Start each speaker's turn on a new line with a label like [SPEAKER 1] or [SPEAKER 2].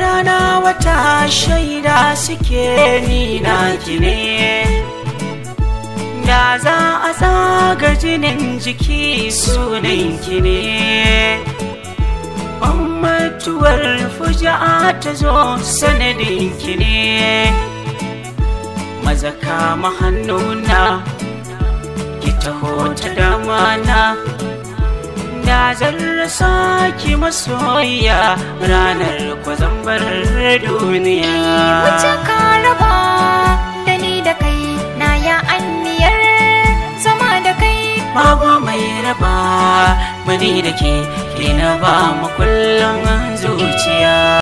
[SPEAKER 1] rana wata shaida suke
[SPEAKER 2] ni na ne da za a zaga jinin jiki sunanki ne mutuwar fuja'a ta zo sanadinki ne mazaka mahannuna ki taho ta damana da zan rasa ki ranar ku zan bar duniya wuce
[SPEAKER 3] ka raba da ni da kai na ya anniyar zama da kai
[SPEAKER 4] babu mai raba mani da ke ke na ba mu kullum zuciya